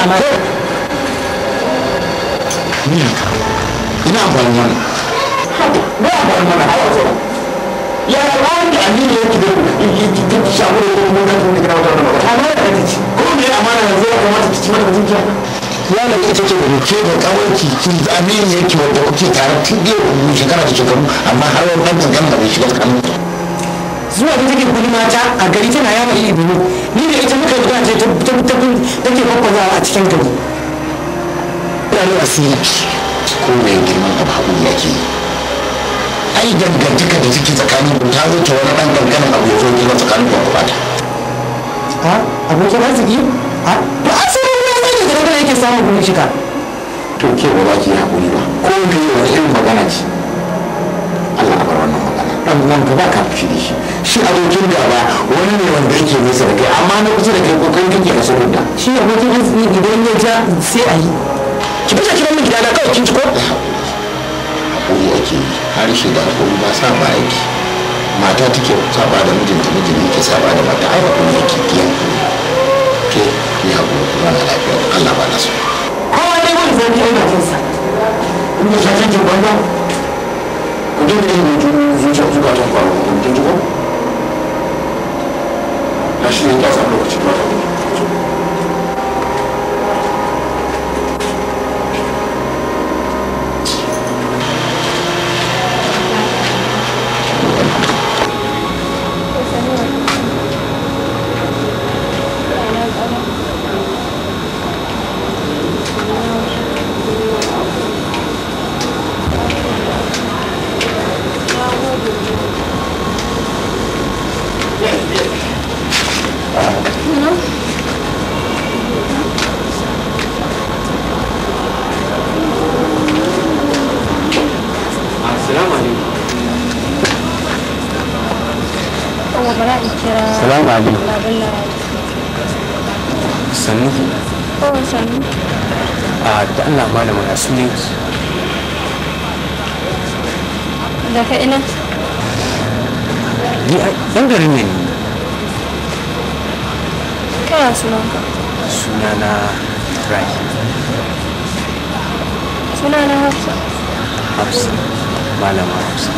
sha na ina amfanin wani ba amfanin wani hawa tsoro ya yi ɓawon da amini ya kide ku shafi da kuma zan kuma gina wata wani ta mara da ci ko me ya amana yanzu ya kamata ki ci mana mutum kya ya da ita ce da ke da kawai kin ne yake wanda kuke tare tun da shekara da shekaru amma har wani ɗan kan da bai shiga tsakanin zuwa ta take kudi mata a gari tana yawo iri biyu ni da ita muka zuwa ce ta ke kwakwazawa a cikin gari ɗan asiri ko mai girman abu haɗu ya ke ai dangantaka da take tsakanin mu ta wuce wani ɗan ganganin abu ya zo girma tsakanin ku ba ta a abokin arziki a to asiri ne sai da gaba yake samun gurin shiga to ke ba ba ki haƙuri ba ko ke wani irin magana ce Allah a bar wannan dan uwan ka ba ka fushi da shi shi abokin gaba wani ne wanda yake nesa da kai amma na kusa da kai kokarin kake ka da shi abokin arziki idan ya ja sai a yi ki fita ki min gidana kawai kin ci ko hakuri ake yi har shi da hakuri ba sa ba yake mata take saba da mijinta mijin yake saba da mata ai hakuri yake ki hakuri ke ki hakuri ku na lafiya Allah ba na so kowa dai wani zai yi aibatinsa in ya shafi kin gwamnati duk da yin zuciya zukatan kwaro mutum jiko na shi ne ta samu lokaci ba ta su ne daga ina ɗan garin ne kaya sunanka sunana rahim sunana Hapsa. Hapsa. malama hafsa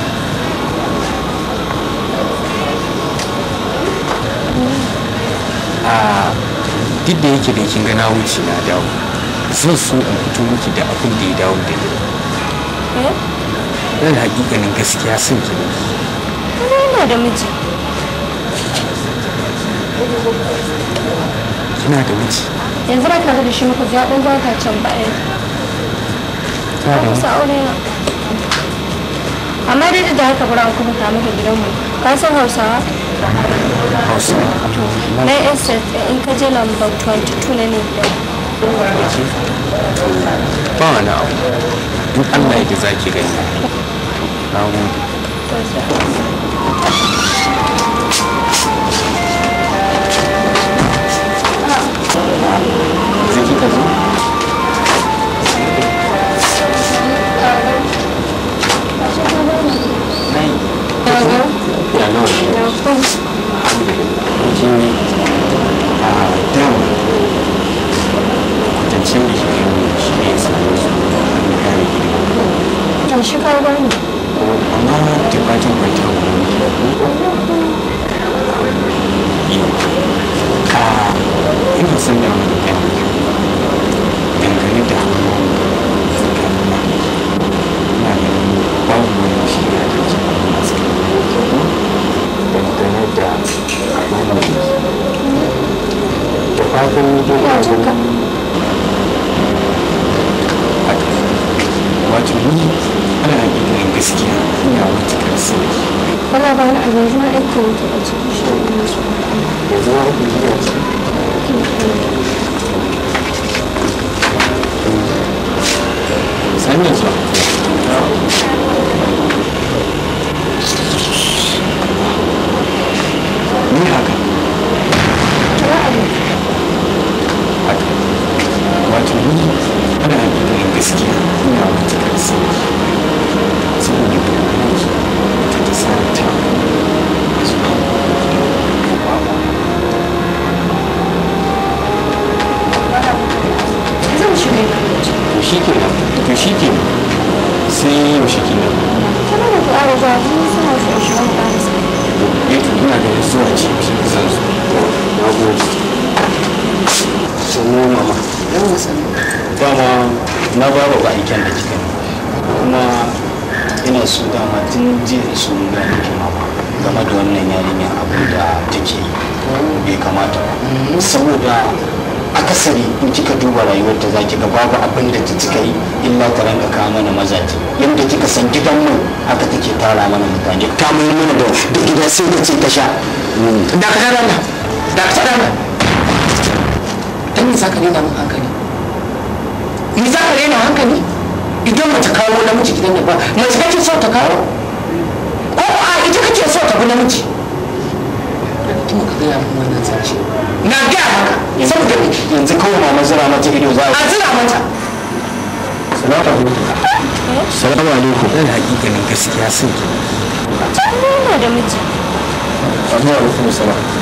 a ah, duk da yake da kin gana wuce na dawo zan so in fito miki da abin da ya dawo da ni eh? nan hakikanin gaskiya son ki ne ina da miji kina da miji yanzu ba tare da shi muka ji haɗin ba ta can eh. ta da kusa amma dai da haka bura kuma ta maka gidanmu ka san hausawa hausawa na SS in ka je lambar 22 na ne ba wani abu in allah ya za ki gani na gode zai ka zo Yeah, no. No, thanks. I'm good. Thank you. Uh, damn. can da shi shi da na wato wani ana hakikalin gaskiya ina matuƙar sani wala ba na abin zuwa aiki a cikin shi ne su da zuwa aiki ne a cikin sani zuwa ta kawo ko a ita kake so ta bi namiji kuma ka gaya min wannan zance na gaya maka saboda yanzu kawai zira mata ido za a zira mata salamu alaikum hakikanin gaskiya sun Ta nuna da miji. Alaikum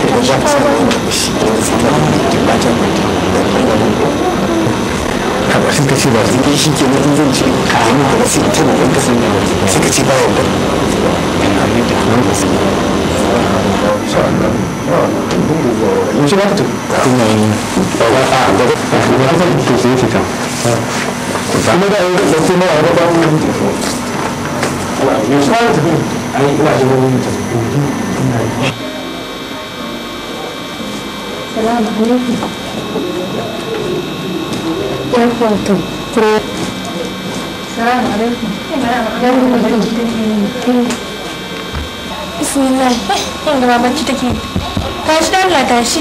suka sun kace ba shi ke nan zan ce ka da sai ta da kasan ce ba yadda yana yi da da in shi ba ta yi ba ba a da ba kuma da yau da sai ma a ba mu yi السلام عليكم كيف حالكم؟ السلام بسم الله wanda babanci take tashi da Allah tashi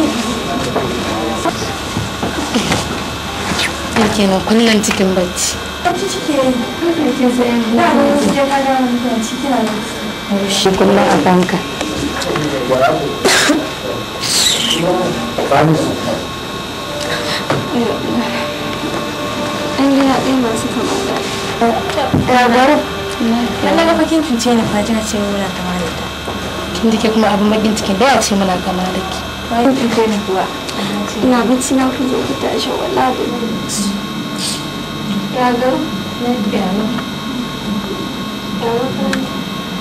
yake nan kullum cikin bacci bacci cike ne ke sai na ne cikin kada mutum cikin shi kullum a banka Hamisu. An gina ɗaya masu na fa kina ce muna kama da ta. Kin dake kuma abin bakin cikin da ya ce muna kama da ki. ya cince na ku zo ku wala da ni. Gagaru. Lafiya ya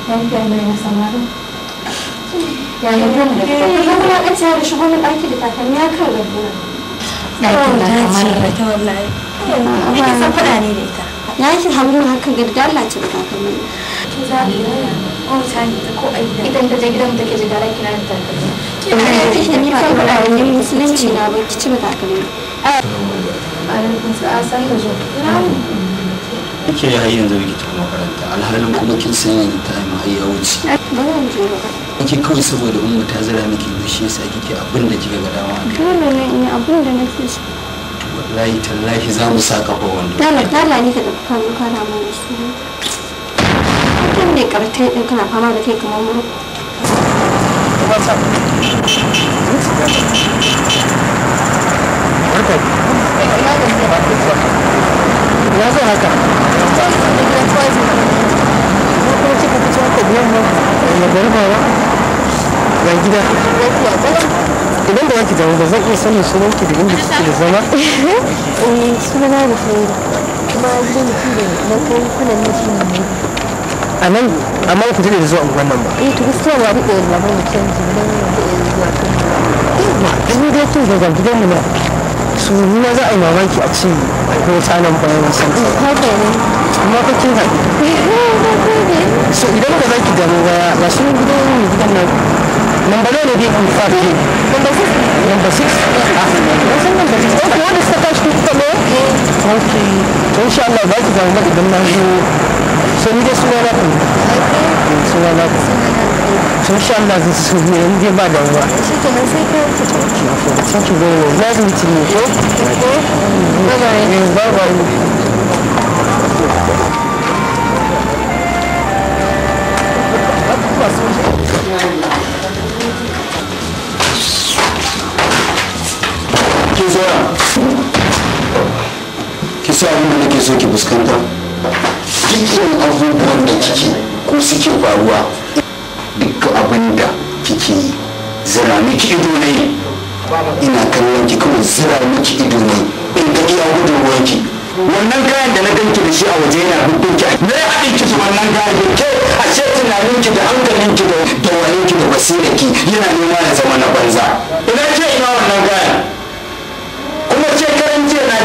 Gagaru. ya ne ya samarin. yayin ran da ta kullum na ajiya da shigo min ɗaki ta takalmi ya kan rabuwa na kuma kamar da ta wallahi ne ke san faɗa ne da ita na ki hamdun hakan ga da Allah ce takalmi ki za ki on tani ta ko aida idan ta je gidan take ya dara da takalmi ki ne ki ne kan faɗa ne na ba ya ci takalmi alaikum sa'a ya yi zo kike har yanzu kike makaranta alhalin kuma kin san yanzu ta yi mai kike kawai saboda umma ta zira miki yau shi yasa kike abin da kika ga dama dole ne in yi abin da nake so wallahi tallahi za mu saka ba wanda dala dala ne ka dauka kanu kana su kan ne din kana fama da kai kamar muru Ya zo haka. Ya zo haka. Ya zo haka. Ya zo haka. Ya zo haka. Ya zo haka. ya gida idan da wanki dawo ba zan iya ki da da zama eh sunana da fere kuma gidan mutum da na kai kuna ne a nan amma ku dade da zuwa unguwan nan ba eh to gaskiya ba dade da labarin mutum ne dan da zuwa kan ma ni dai kin ga gidan mu na su ruwa za a yi mamaki a ce ko tsanan bayan wasan amma ko kin haɗu so idan ka zaki damu baya ga sunan gidan gidan number nawa ne biyu from five number six number six wasan ah. number six ok wanda suka tashi ko to insha Allah ba ku zama idan na zo sai ni dai suna na kan suna na so insha Allah zai su ne in dai ba da ruwa shi ke nan thank you very much nice meeting you ko bye bye bye bye Thank you. ki zora ki sa abin da nake so ki fuskanta cikin abubuwan da kike ko suke faruwa duk abin da kike yi zira miki ido ne ina kallon ki kuma zira miki ido ne in ga iya gudun ruwanki wannan kayan da na ganki da shi a waje yana hukun ki me ya haɗin ki wannan kayan da ke a ce tunanin ki da hankalin ki da wayen ki da basira ki yana nema ya zama na banza ina ce ina wannan kayan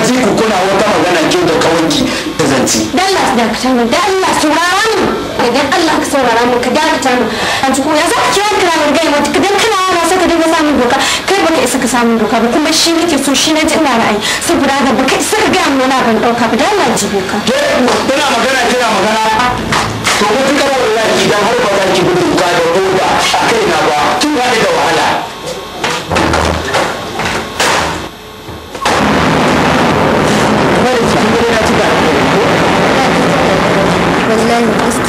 ji ku kuna wata magana ke da kawanki da zance dalla da ka tana dalla saurara mu idan Allah ka saurara mu ka dakata mu an ci ya za ka kira kira mun gai wata dan kana yana so ka dinga samun doka kai ba ka isa ka samun doka ba kuma shi nake so shi naji ina ra'ayi saboda haka ka isa ka gaya mun ban dauka ba dan dalla ji ka ke tana magana kina magana to kun kaba wallahi idan har ba za ki gudu ka da roba a kaina ba tun da wahala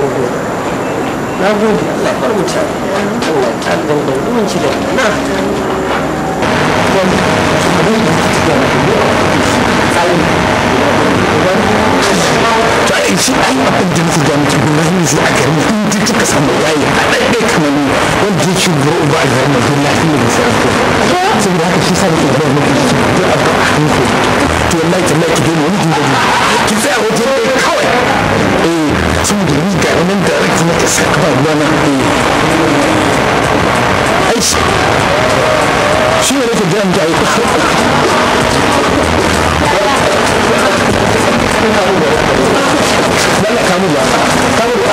gobe na gode Allah bar mu can Allah ya ƙara dangon zumunci da na Thank you. to ai shi ai abin da nake ga mutum Ibrahim shi a garin in ji samu yayi a ɗaiɗe kamar ni wanda yake gura uba a garin nan dole shi da sai ko saboda haka shi sa nake ga mutum shi da abu a hanko to wallahi ta laki dole wani dinga ki tsaya wajen ɗaya kawai eh saboda ni ga wannan direct na ka saka ba ruwa na eh ai shi ne nake ga mutum ai Thank you. Lala kamu ya, kamu ya.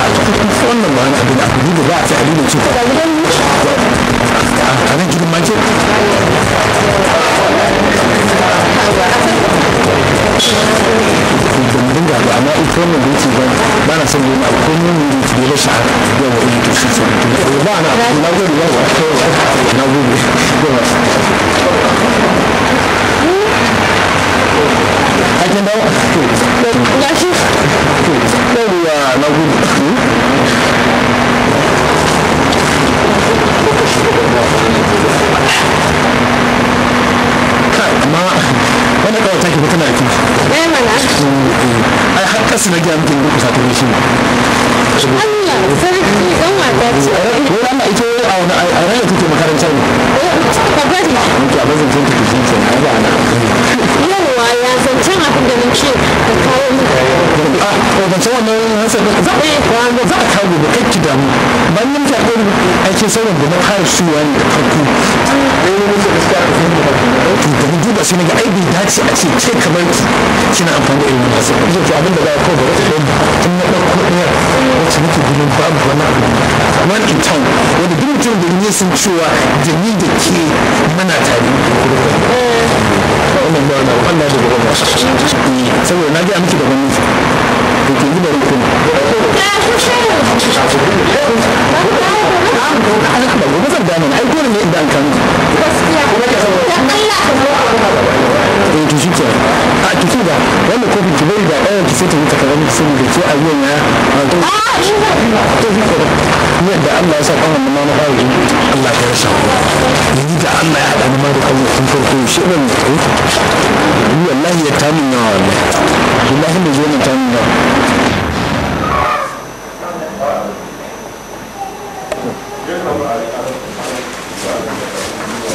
a cikin wannan ma wani abin abu da za a ce abin da ce a nan gidan manje domin ga amma ita wannan da yake ban ba na son yin abu ko mun yi da yake sha yawa ita shi ce ba na na gode yawa na gode yawa kawai farko shi ɗan wallahi ya tamin wallahi wallahi da na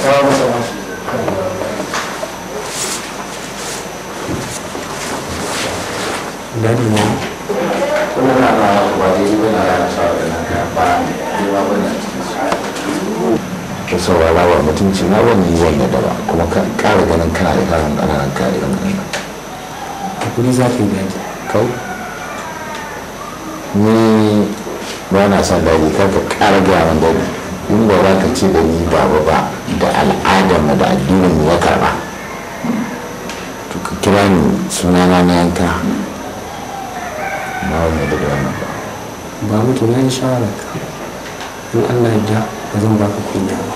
Thank you. mutunci na ban yi wannan da ba kuma ka ganin kana da ƙarin ƙananan kariyan ƙananan hakuri za ka yi daji kau ni ba na san daji kar ka ƙara gaya min daji in ba za ka ce da ni baba ba da al'adar mu da addinin mu ya karɓa to ka kira ni suna na na yanka ba wani da wannan ba ba mutu na yi shawarar ka in allah ya ba zan baka kunya ba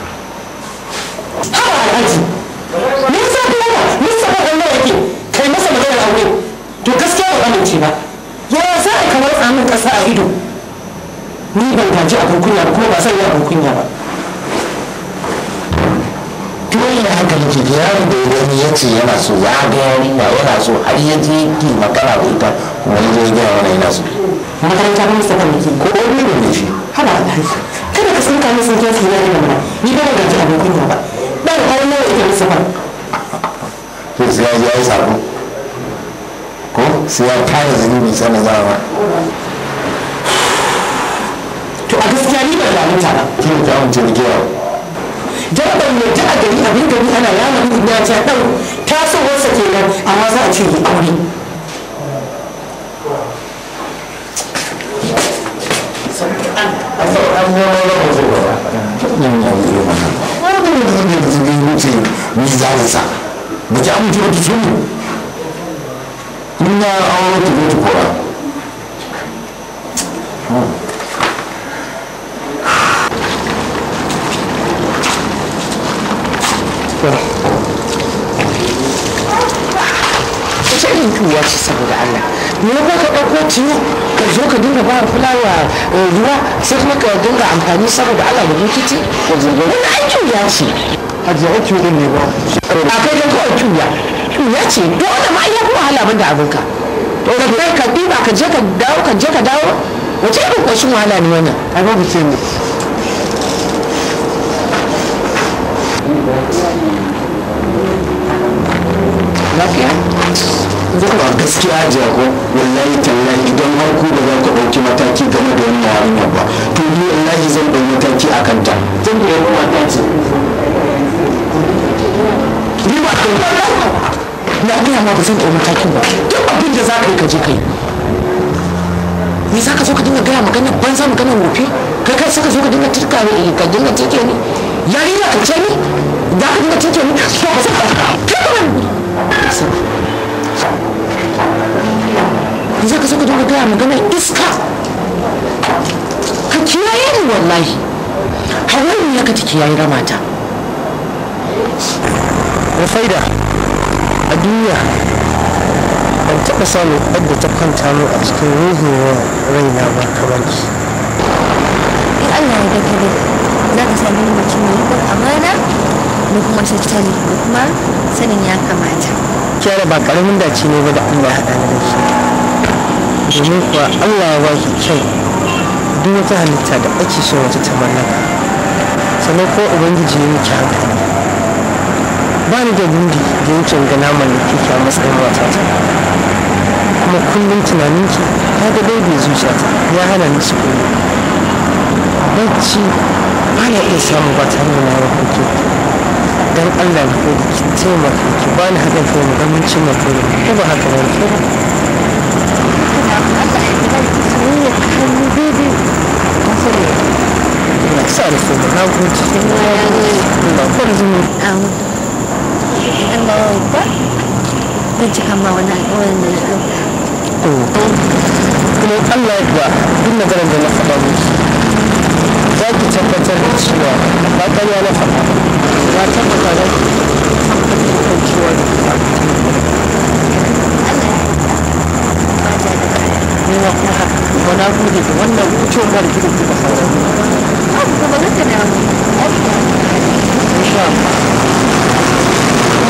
mutunci ba ya sa ka rotsa min ƙasa a ido ni ban gaji abin kunya ba kuma ba zan yi abin kunya ba dole haka nake da yaron da ya gani ya ce yana so ya ga yarinya yana so har ya je ki magana da ita kuma ya je gina mana yana so makaranta ba masa kan ko wani ne ne shi haba alhaji kada ka san ka masa ya ce yana mana ni ba gaji abin kunya ba dan har nawa ita masa ba to ya yi sabo ko sai ya fara zunubi sannan to a gaskiya ni ba da mutane kin ta mun jirgiya jarabar ne ta a gari abin gari ana yana mun da ta dau tasowarsa kenan amma za a ce yi aure Wani ne da zai wuce ni zarinsa, ba ki amince ba ki so na aure ta mutu kuwa saboda me ba ka ɗauko tiyo ka zo ka dinga ba fulawa eh, ruwa sai kuma ka dinga amfani saboda Allah da bukiti wani aikin ya shi. a jiya aikin ne ba a kai don kawai tuwa ya ce to wanda ma ya fi wahala ban da abinka to ka kai ka diba ka je ka dawo ka je ka dawo wace irin koshin wahala ne wannan ai babu ce ne lafiya kuma gaskiya ajiya ko wallahi tallahi idan har ku ba za ku ɗauki mataki game da wannan yarinya ba to ni wallahi zan ɗau mataki a kanta zan ɗau mataki ni ba ɗau na gaya ma ba zan ɗau matakin ba duk abin da za ka yi ka je ka yi me za ka zo ka dinga gaya maganar banza magana rufe kai kai zo ka dinga tirka ne eh, ka dinga tirke ne da ka ce ni da ka dinga tirke ne so ba zan ka me za ka zo ka dinga gaya maganar iska ka kiyaye ni wallahi hawaii ne ka ta kiyaye ramata faida. a duniya ban taɓa samun wadda ta kwanta mu a cikin ruhewar raina ba kamar ki in allah ya daga dai za ka sami mace mai rikon amana da kuma tattali da kuma sanin ya kamata kyara ba karamin dace ne ba da allah haɗa da shi domin kuwa allah ya ba ki kyau duk wata halitta da ake so wata ta mallaka sannan ko ubangiji ya miki hankali ba ni da buri da yake ga naman da kike a matsayin matata kuma kullum tunaninki ta ga daidai zuciyata ya hana ni su kuma bacci ba na iya samu ba tare da na hukunki don allah na kai ki taimaka ki ba ni haɗin kai mu gamin cin na kai ko ba haka ba ne ko ba. Sorry for the language. amma ba zan cika ma wani alƙawarin da na ɗauka. kuma Allah ya kuwa duk maganar da na faɗa miki za ki tabbatar da cewa ba ƙarya na faɗa ba tabbata da tabbatar da cewa da Nima kuma haka, wana gode da wannan wucin wani gida kika fara. Abu kuma na tana wani,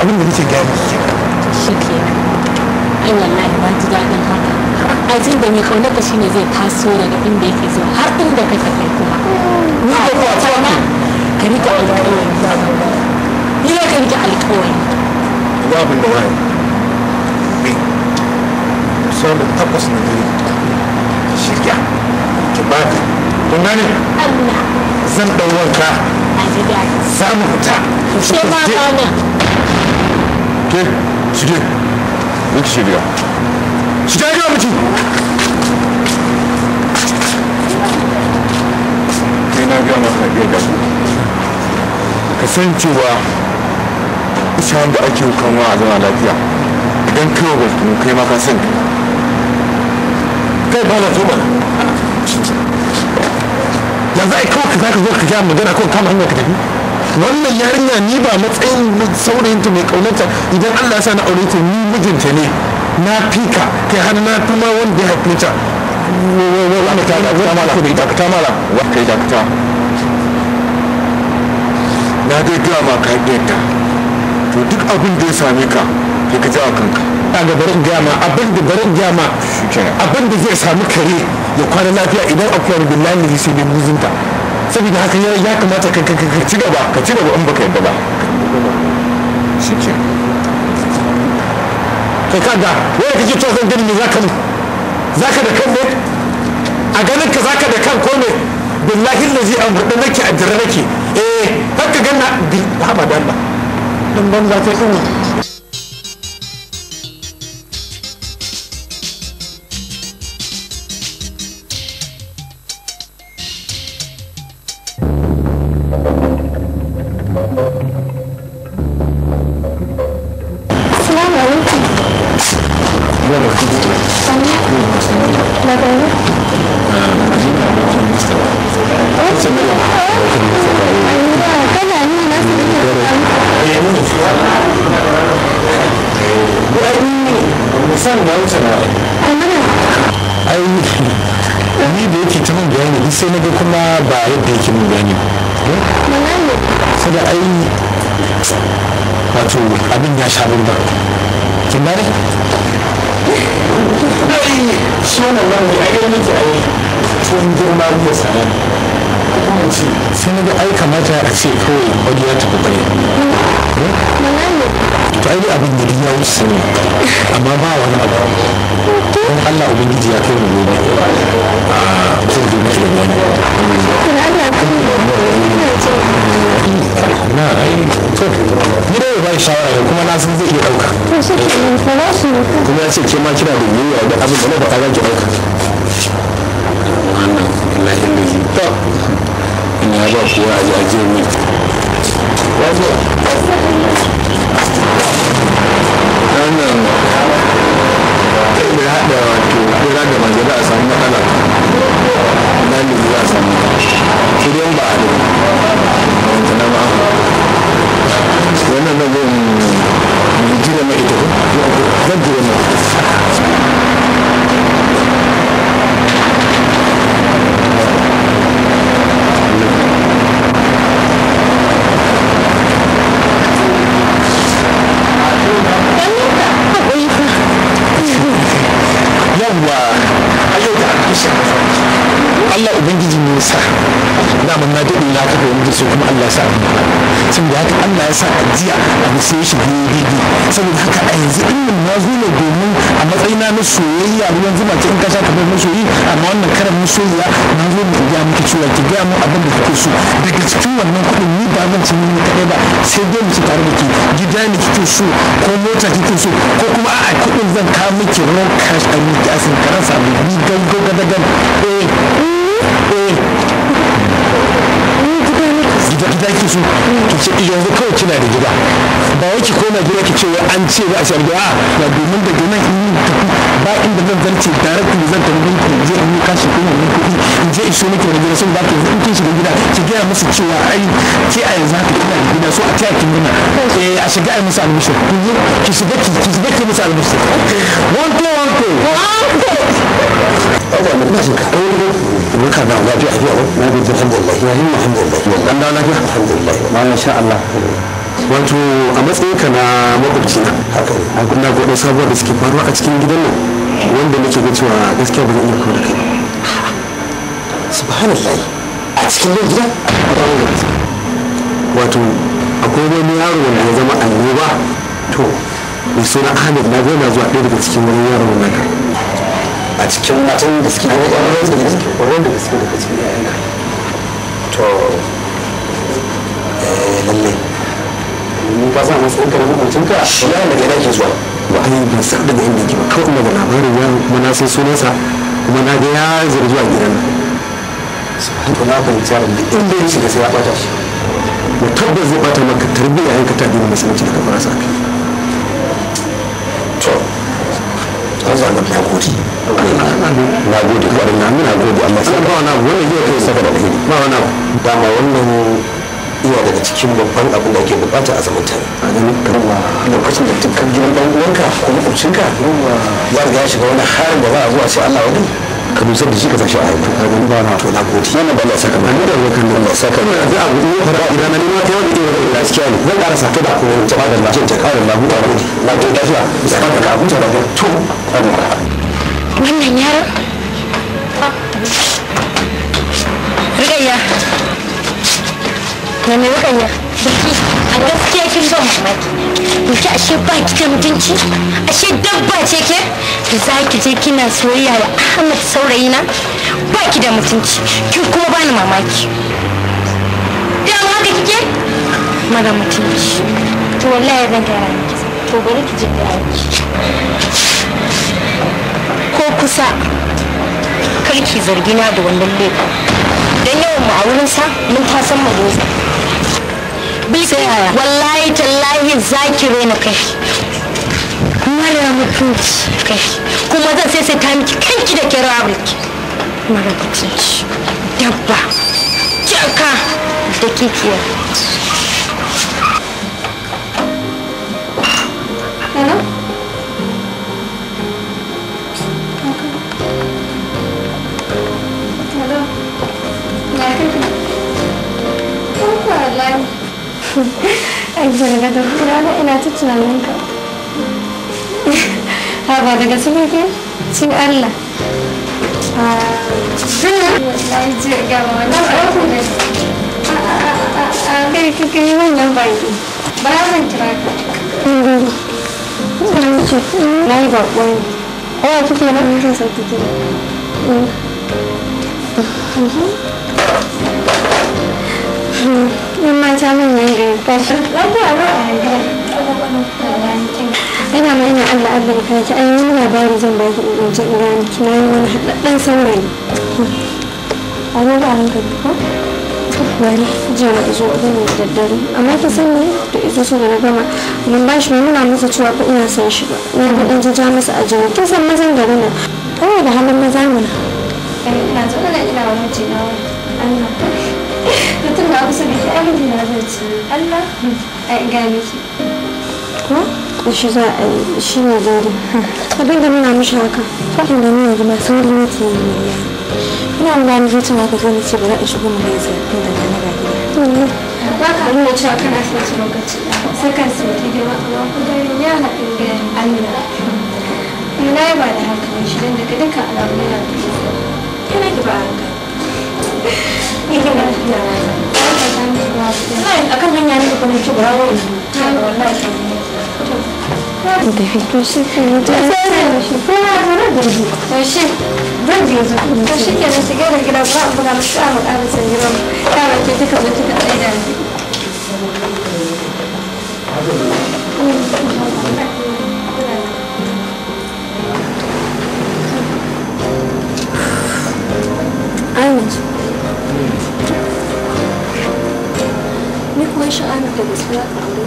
abin da nake gani shi ke ai wallahi ba ji daɗin haka da mai kaunar ka shine zai taso daga inda yake zo har inda ka kai kuma ni da ta ma ka rike alƙawari ni ka rike alƙawari ba abin da waye bi sau da tabbas na dare shirya ki ba kun gane zan ɗau wanka za mu fita shi ke shige duk shirya shige kai na ga maka iya ga ka san cewa isa da ake hukanwa a zama lafiya idan kai ba mu kai ma ka san kai ba na so ba yanzu ai kawai ka za zo ka magana ko kama hanyar ka tafi wannan yarinya ni ba matsayin saurayinta mai kaunarta idan Allah ya sa na aure ta ni mijinta ne na fika kai har na kuma wanda ya haife ta wani ta dakata mala wanda ya dakata na dai gaya ma ka yadda to duk abin da ya same ka kai ka ji a kanka a ga barin gama abin da barin gama abin da zai sami kare ya kwana lafiya idan akwai billahi sai bin muzinta saboda haka ya kamata ka ci gaba ka ci gaba in baka yadda ba shi ka kai kaga wai kake to kan gani me zaka mu zaka da kan ne a ganin ka zaka da kan ko ne billahi allazi an hudu nake a jira nake eh ka ganna bi ba ba dan ba dan ban za ta yi sai na aika mata a ce kawai wani ya tafi bare to ai abin da ya wuce ne amma ba wani abu don Allah ubangiji ya kai mu gobe a cikin je miki da wani na ai to ni dai bai shawara ne kuma na san zai iya dauka kuma ya ce ke ma kira da yiwuwa da abin da na faɗa za ki dauka wannan lahin da kuma ya a ajiyar mai wannan ɗaya haɗa wato kira da a a ba a da Yawwa, wa a kishin mafarki. Allah ubangiji ne ya sa na mun na dade na kafa yanzu so kuma Allah ya sa mu da haka Allah ya sa ajiya a bisa shi daidai saboda haka a yanzu in mun na zo ne domin a matsayina na soyayya ruwan zuma ce in ka sha kamar masoyi amma wannan karan soyayya na zo ne ga muke cewa ki ga mu abin da kike so daga cikin wannan kuɗin ni ba zan ci ni kadai ba sai dai mu ci tare da ki gida ne kike so ko mota kike so ko kuma a'a kuɗin zan kawo miki ruwan kashi a miki asin karansa a bi gangan gangan eh 嗯。da ta ki su ki ce yanzu kawai kina da gida ba wai ki koma gida ki ce wai an ce ba a shi ba domin da gina in tafi ba inda zan zance direct zan tafi gurin je in yi kashi ko in kuɗi in je in so miki wani gida sun ba ki in kin shiga gida ki gaya musu cewa ai ke a yanzu haka kina da gida so a taya ki a shiga ai musu admission ki shiga ki shiga ki musu admission one two one two أول ما تمسك أول ما كان عم بيعرف يعرف ما بيجي الحمد لله يا هم الحمد لله alhamdulillah sha Allah wato a matsayinka na makwabci na a kuna godon sabuwar da suke faruwa a cikin gidan nan wanda nake ga cewa gaskiya ba zan iya kawo da kai subhanallah a cikin nan gida wato akwai wani yaro wanda ya zama annoba to mai suna ahmed na gona zuwa ɗaya daga cikin wani yaro ka a cikin matan da suke da yaran da suke da suke da suke da da da da lallai mu ba za mu tsoka da mutum ka shi ya daga ina ke zuwa ba ai ban san daga inda yake ba kawai daga labarin ya kuma na san sunansa kuma na ga ya zargi a gidan to na fahimci yaron da inda ya shiga sai ya bata shi mu tabbas zai bata maka tarbiyya yanka ta addinin musulunci daga farasa kai to an zaga na gode na gode kwarin na muna gode Allah sai ba wani abu wannan zai kai saboda alheri ba wani abu dama wannan iya daga cikin babban abin da ake bukata a zaman tare a ganin kamar lokacin da dukkan gidan dan uwanka ko makwabcinka ya riga ya shiga wani harin da za a zuwa sai Allah wani ka nusar da shi ka sashi a yanzu a gani bana to na gode yana ba na saka ba ni da wakan nan ba saka ba da abu ne fara ina na nima ta wani irin da gaskiya ne zan ƙara saka da kuma ta bada lafiya ta ƙara lafiya na gode na gode lafiya saka da ka tara da to wannan yaron Rikayya, na mai rukanya biki a gaskiya kin ban mamaki biki ashe ba ki da mutunci ashe dabba ce ke da za ki je kina soyayya wa ahmad saurayina ba ki da mutunci kin kuma ba ni mamaki dama ka kike mara mutunci to wallahi zan gaya miki to bari ki je gaya ko kusa kar ki zargi na da wannan laifin don yawan mu a wurin sa mun ta san mu bilki wallahi tallahi zaki rena kai mara mutunci kai kuma zan sai sai ta miki kanki da kera bilki mara mutunci dabba jaka da kikiya Hello? zo daga dabura na ina ta tunanin ka ha ba daga Allah je ga wannan ne a kai wannan ba zan kira ka na yi na kike Mm-hmm. nhưng mata mun mình da tashi. Lafiya sức lắm rồi Ina mai ina Allah Allah ka ji an yi labari zan ba ki in ji ina ki na yi wani haɗaɗɗen saurayi. A ba a hankali ko? Wani jiya na izo ɗin da daddare. Amma izo su da na gama. Mun ba shi nuna masa cewa ina son ɗan masa a jiya. Kin mazan gari na. Kawai da halin maza mu na. saboda abin da zai ci Allah a ga miki ko shi za a ne daidai ka dinga nuna mishi haka fadin da ni yanzu yi ina da ni zai tana ka zo ni ce bari in shigo na ga gida ba ka nuna cewa kana son ci lokaci sai ya haɗin da ba da haka mu tafi na shi ke mu ta da shi ko ya zama da shi to shi zan je zu to shi ke nan shiga da gida ba an buga musu amma ƙara san gida ta ba ce kika zo kika tsaye da ni na sha'ana da gaske ka aure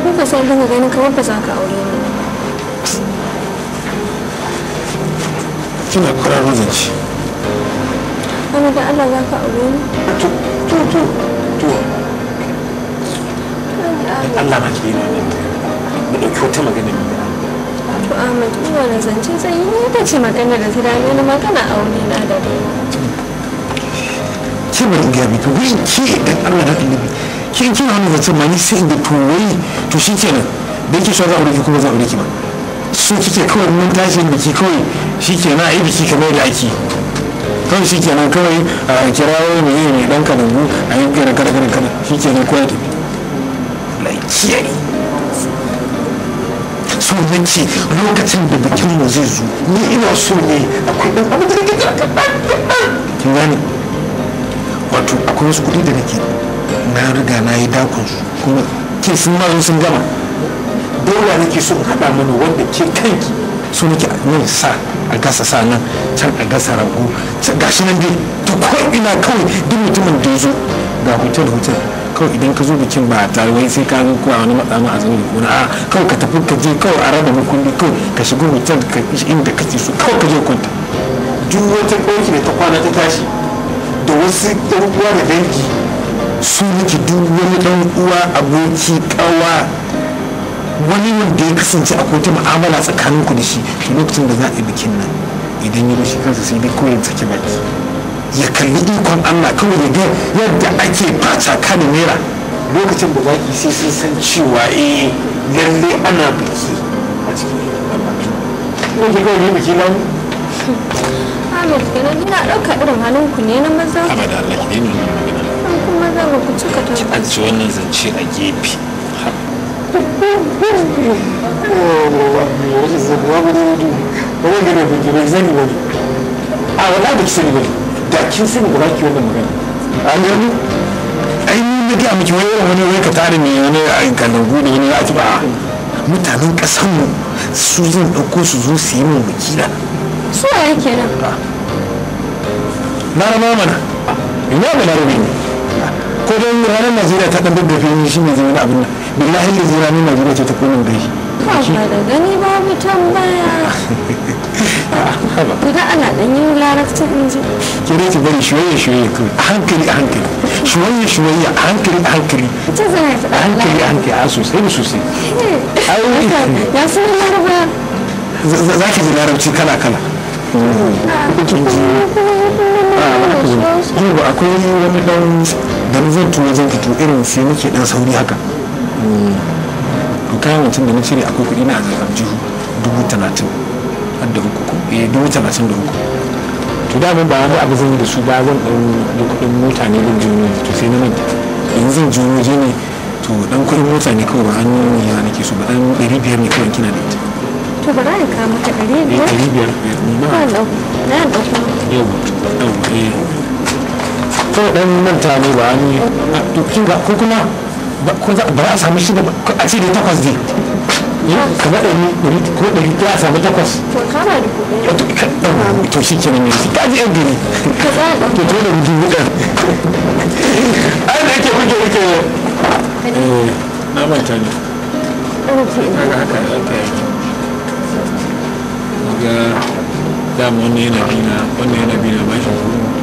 ni ko ka san dinga ganin kamar ba za ka aure ni kina kwararru zance wani da Allah za ka aure ni to to to to Allah na ke yi ne mu ɗauki wata magana mai da to Ahmad ina da zance zai yi ne ta ce magana da ta dame ni magana aure na da dai ki bari ga miki wani ke dan Allah da annabi kin kina wani zace mani sai da to wai to shi nan da yake so kuma za aure ki ba su kike kawai mun tashi ke kawai shi kenan a yi biki kamar da ake kawai shi nan kawai a kirawo mai yi mai dan mu a yi gara gara gara gara shi nan kawai tafi laikiyari so zan ce lokacin da bikin mu zai zo ni ina so ne akwai dan abin da nake kira kaɗan kaɗan kin gane wato akwai wasu kuɗi da nake na riga na yi dakon su kuma ke sun mazo sun gama dole ne so in hada mana wanda ke kanki so nake ne sa a gasa sa nan can a gasa rago gashi nan dai to ko ina kawai duk mutumin da zo ga hotel hotel kawai idan ka zo bikin ba tare wai sai ka ko a wani matsama a zaune kuna a kawai ka tafi ka je kawai a raba mukundi kawai ka shigo hotel ka inda kake so kawai ka je kwanta duk wata ɗauki da ta kwana ta tashi da wasu ɗan uwa da dangi su miki duk wani dan uwa aboki kawa wani wanda ya kasance akwai mu'amala tsakanin ku da shi lokacin da za a yi bikin nan idan ya bashi kansa sai dai kawai ya saki baki ya kalli ikon Allah kawai ya ga yadda ake faca ka naira lokacin da baki sai sun san cewa eh lalle ana biki a cikin ikon Allah. Wanda kawai ne biki nan? Ahmed, ina ɗauka irin hannun ku ne na maza. Abada Allah, ne ne kuma za ku cika ta ki aji wannan zance a gefe a wala da ki sani da kin sani ba ki wannan magana an gani ai ni na gaya miki wani wani wani ka tare ne wani a kalangu ne wani a ba mutanen ƙasanmu su zan ɗauko su zo su yi min wakila su waye kenan na rama mana ina da na rubin ko dai ranar ta ɗan bibbe shi ne zama abin nan billahi da zira ne najeriya ce ta gai ba da gani ba mutum baya da ana ɗan yin larabcin inji dai bari shoye shoye kawai a hankali a hankali shoye shoye a hankali a hankali faɗa hankali a hankali a sosai da ya laraba za ki ji larabci kala kala ah, ah, akwai wani dan idan zan tuwo zan fito irin sai nake dan sauri haka to kayan mutum da na cire akwai kuɗi na aljihu dubu talatin har da uku eh dubu talatin da uku to da ba wani abu zan yi da su ba zan ɗan da kuɗin mota ne zan juyo to sai na manta in zan juyo je ne to dan kuɗin mota ne kawai ba an yi ya nake so ba dan ɗari biyar ne kawai kina da ita to ba za ka maka ɗari biyar eh, ɗari biyar ne ba na ɗauko yau yau eh sai dan manta ne ba ni to kin ga ko kuma ko za ba a samu shi ba a ce da takwas ne kamar ɗari ko ɗari ko a samu takwas to kana da kuɗi to shi kenan ne ka ji yan gani to to da dubu ɗan ai da yake kuke kuke na manta ne ga dama wannan yana bina wannan yana bina ba shi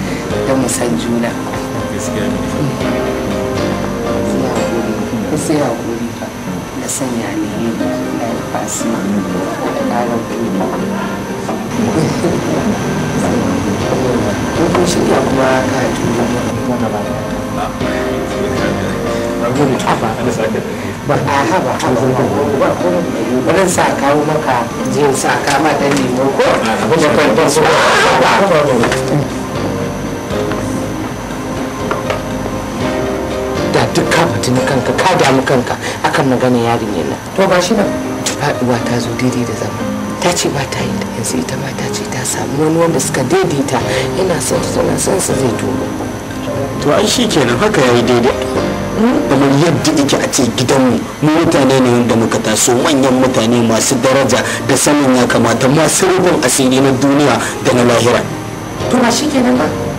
da mu san juna sai hakuri fa na sanya ne na yi fasima da ƙara kuma kun shirya kuma ka kuma ah, ba a haba ba sa kawo maka jin sa kama dan nemo ko kuma ah, kwanton su ba ah, duk ka na kanka ka damu kanka akan magana yarinyar na. to ba shi ba faduwa ta zo daidai da zama ta ce ba ta yi yanzu ita ma ta ce ta samu wani wanda suka daidaita yana son su zama son su zai turo to ai shi kenan haka yayi daidai hmm? kamar yadda yake a ce gidanmu mu mutane ne wanda muka taso manyan mutane masu daraja da sanin ya kamata masu rubin asiri na duniya da na lahira to ba shi kenan ba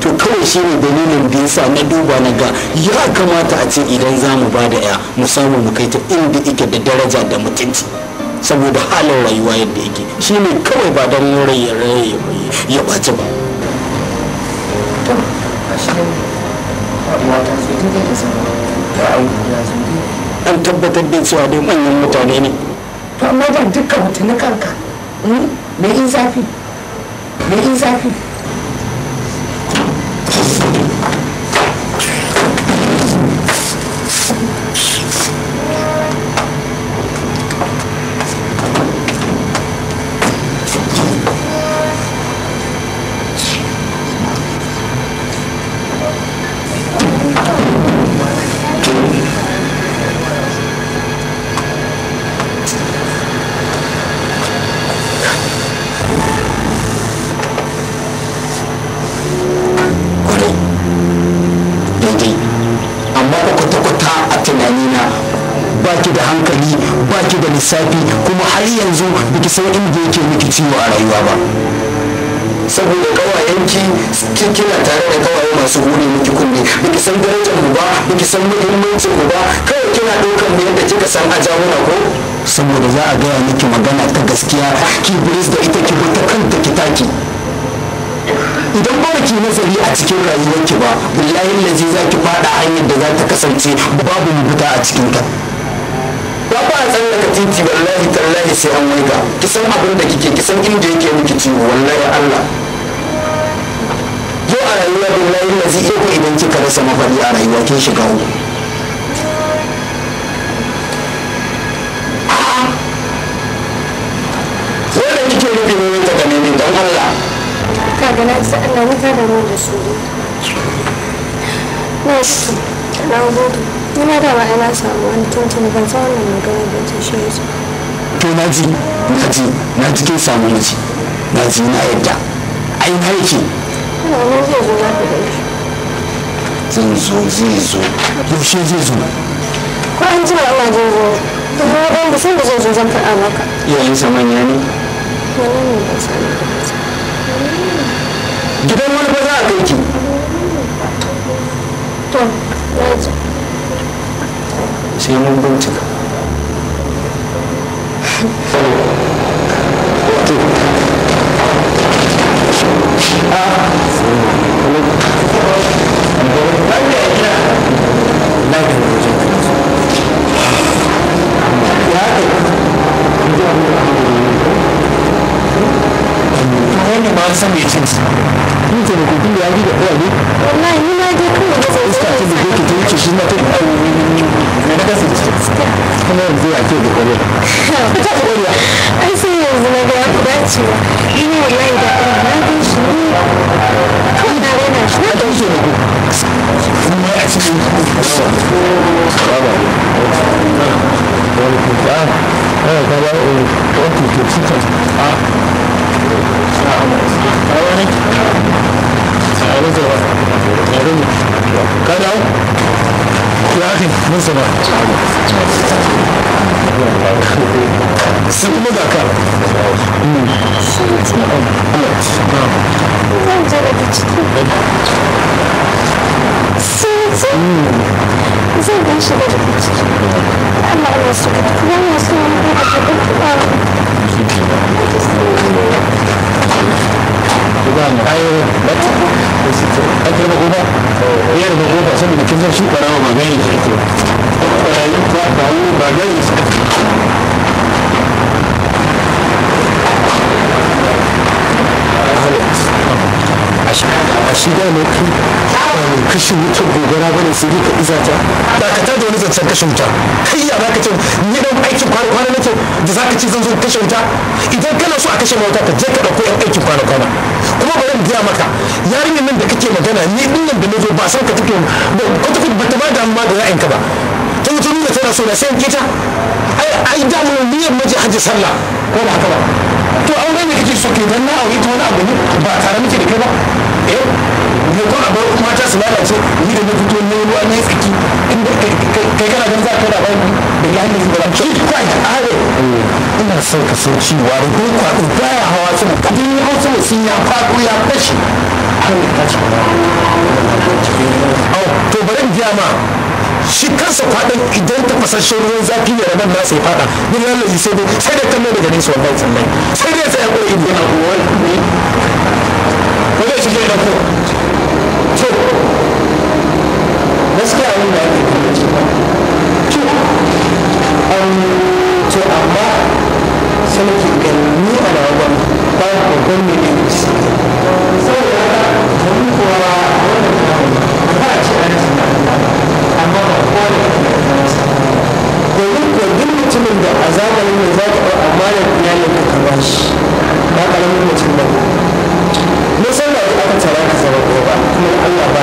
to kawai shi ne dalilin da sa na duba na ga ya kamata a ce idan za mu ba da ya mu samu mu kai ta inda ike da daraja da mutunci saboda halin rayuwa yadda yake shi ne kawai ba don raye ya ɓaci ba an tabbatar da cewa dai manyan mutane ne to amma dukkan mutum na kanka mai hmm, in zafi me in zafi har yanzu biki san inda yake miki ciwo a rayuwa ba saboda kawayenki kina tare da kawaye masu hure miki kunne biki san darajar mu ba biki san muhimmancin mu ba kawai kina ɗaukan mu yadda kika san ajawuna ko saboda za a gaya miki magana ta gaskiya ki biris da ita ki bata kanta ki taki idan ba ki nazari a cikin rayuwarki ba billahi lazi za ki faɗa hanyar da za ta kasance babu mafita a cikinta. ta ba ba a tsallaka titi wallahi tallahi sai an waiga kisan abin da kike kisan inda yake miki ciwo wallahi Allah yau a rayuwa billahi lazi yau idan kika rasa mafari a rayuwa kin shiga uku wanda kike rufe ne ta gane ne Allah ka Allah wuta ne shi ni ma dama ina samu wani tuntun ban san wannan magana ba ta shi yanzu to na ji na ji na ji kin samu miji na ji na yadda ai na yake ina mun zai zo na ku da shi zan zo zai zo yaushe zai zo ko an ji ma zai zo to ba ban da san da zai zo zan faɗa maka iyayen sa manya ne wannan ne ba sai gidan wani ba za a kai ki to na ji sai mun bincika Um, shi da na fi kashin gobara ba ne sai ka iza ta ba wani zancen kashe wuta kai ya baka ce ni dan aikin kwana kwana nake da zaka ce zan zo kashe wuta idan kana so a kashe ma wuta ka je ka dauko yan aikin kwana kwana kuma bari in gaya maka yarinyar nan da kake magana ni din nan da nazo ba san ka take ba ta ba da amma da ra'ayinka ba ta wuce nuna tana so na sai in kita ai da mun niyyar haji sallah ko ba haka ba to aure ne kake so ke dan na aure ta wani abu ne ba tare muke da kai ba eh ne ko abu mata su lalace ni da na fito ne ruwa ne tsaki inda kai kana dan za ka da ba da kai are ina ka san cewa hawa sama kudin hausa sun ya faɗo ya to bari in shi kansa kwaɗin idan ta fasashe ruwan zafi ya rabar nasa ya faɗa bin lalazi sai dai sai dai kallo daga nesa wallahi sallai sai dai sai akwai ƙuri ido na kuwa wani shi da ko to gaskiya abin da ake kuma ba to um, amma kusa nake gani ni a na wani mai kusa kuwa duk mutumin da a zamanin ne za ka ɗau amanar iyalin ka ba shi ba ƙaramin mutum ba ne da aka tara ka zama gobe kuma Allah ba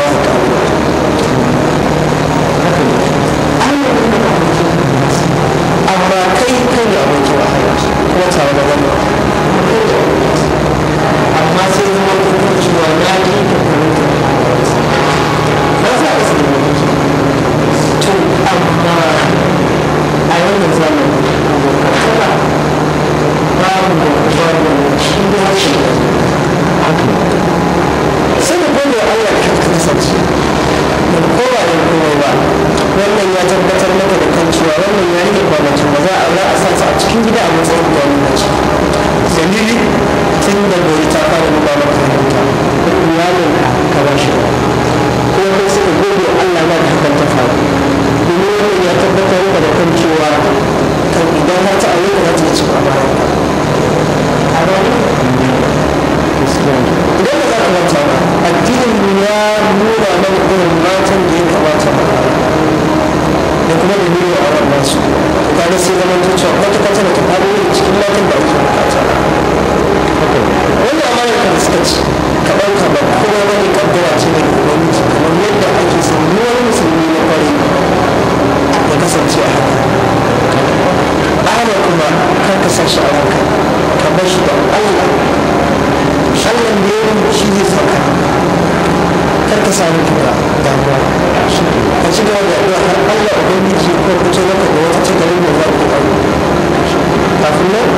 kafin nan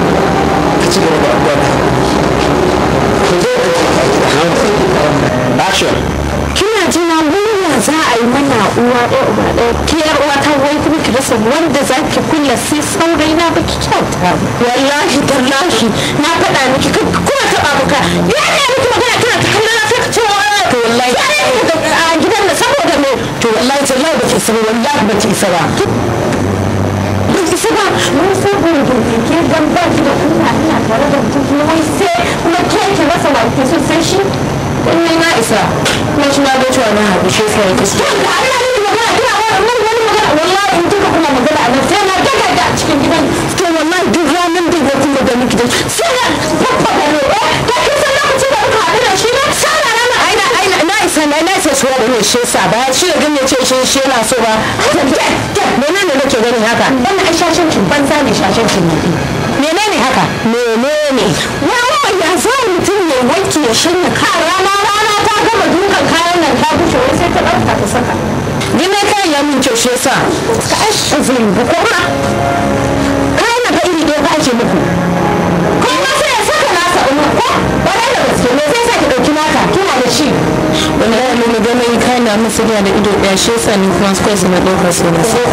ka ci kina jina za a yi mana uwa ɗaya ɗaya ke yar uwa ta wai kuma ki rasa wanda za ki kulla sai saurayi na baki kyauta wallahi tallahi na faɗa miki kuma taɓa muka ya ne miki magana kina ta kallon na sai ka ce wa to wallahi a gidan na saboda me to wallahi tallahi ba ki isa ba wallahi ba ki isa ba ki ba mun da in na magana a nan sai daga da cikin gidan to wallahi da zai kuma na babba da eh ai na na isa na na isa suwa da shi sa ba shi ya gane ce shi shi yana so ba menene nake gani haka wannan ai shashin kin banza ne shashin kin menene haka menene wawan ya zo mutum ya wanke ya shanya ka rana rana ta gama dukan kayan nan ta bushe wai sai ta ɗauka ta saka ni ne kai ya mun ce shi sa ka ashe zulmi ko ma kai na ga iri ɗaya ba ake muku ko ma sai ya saka nasa ko ba da gaske ne shi wallahi ne magana kana musu da ido ɗaya shi yasa ni kuma suka zama ɗaukar su sai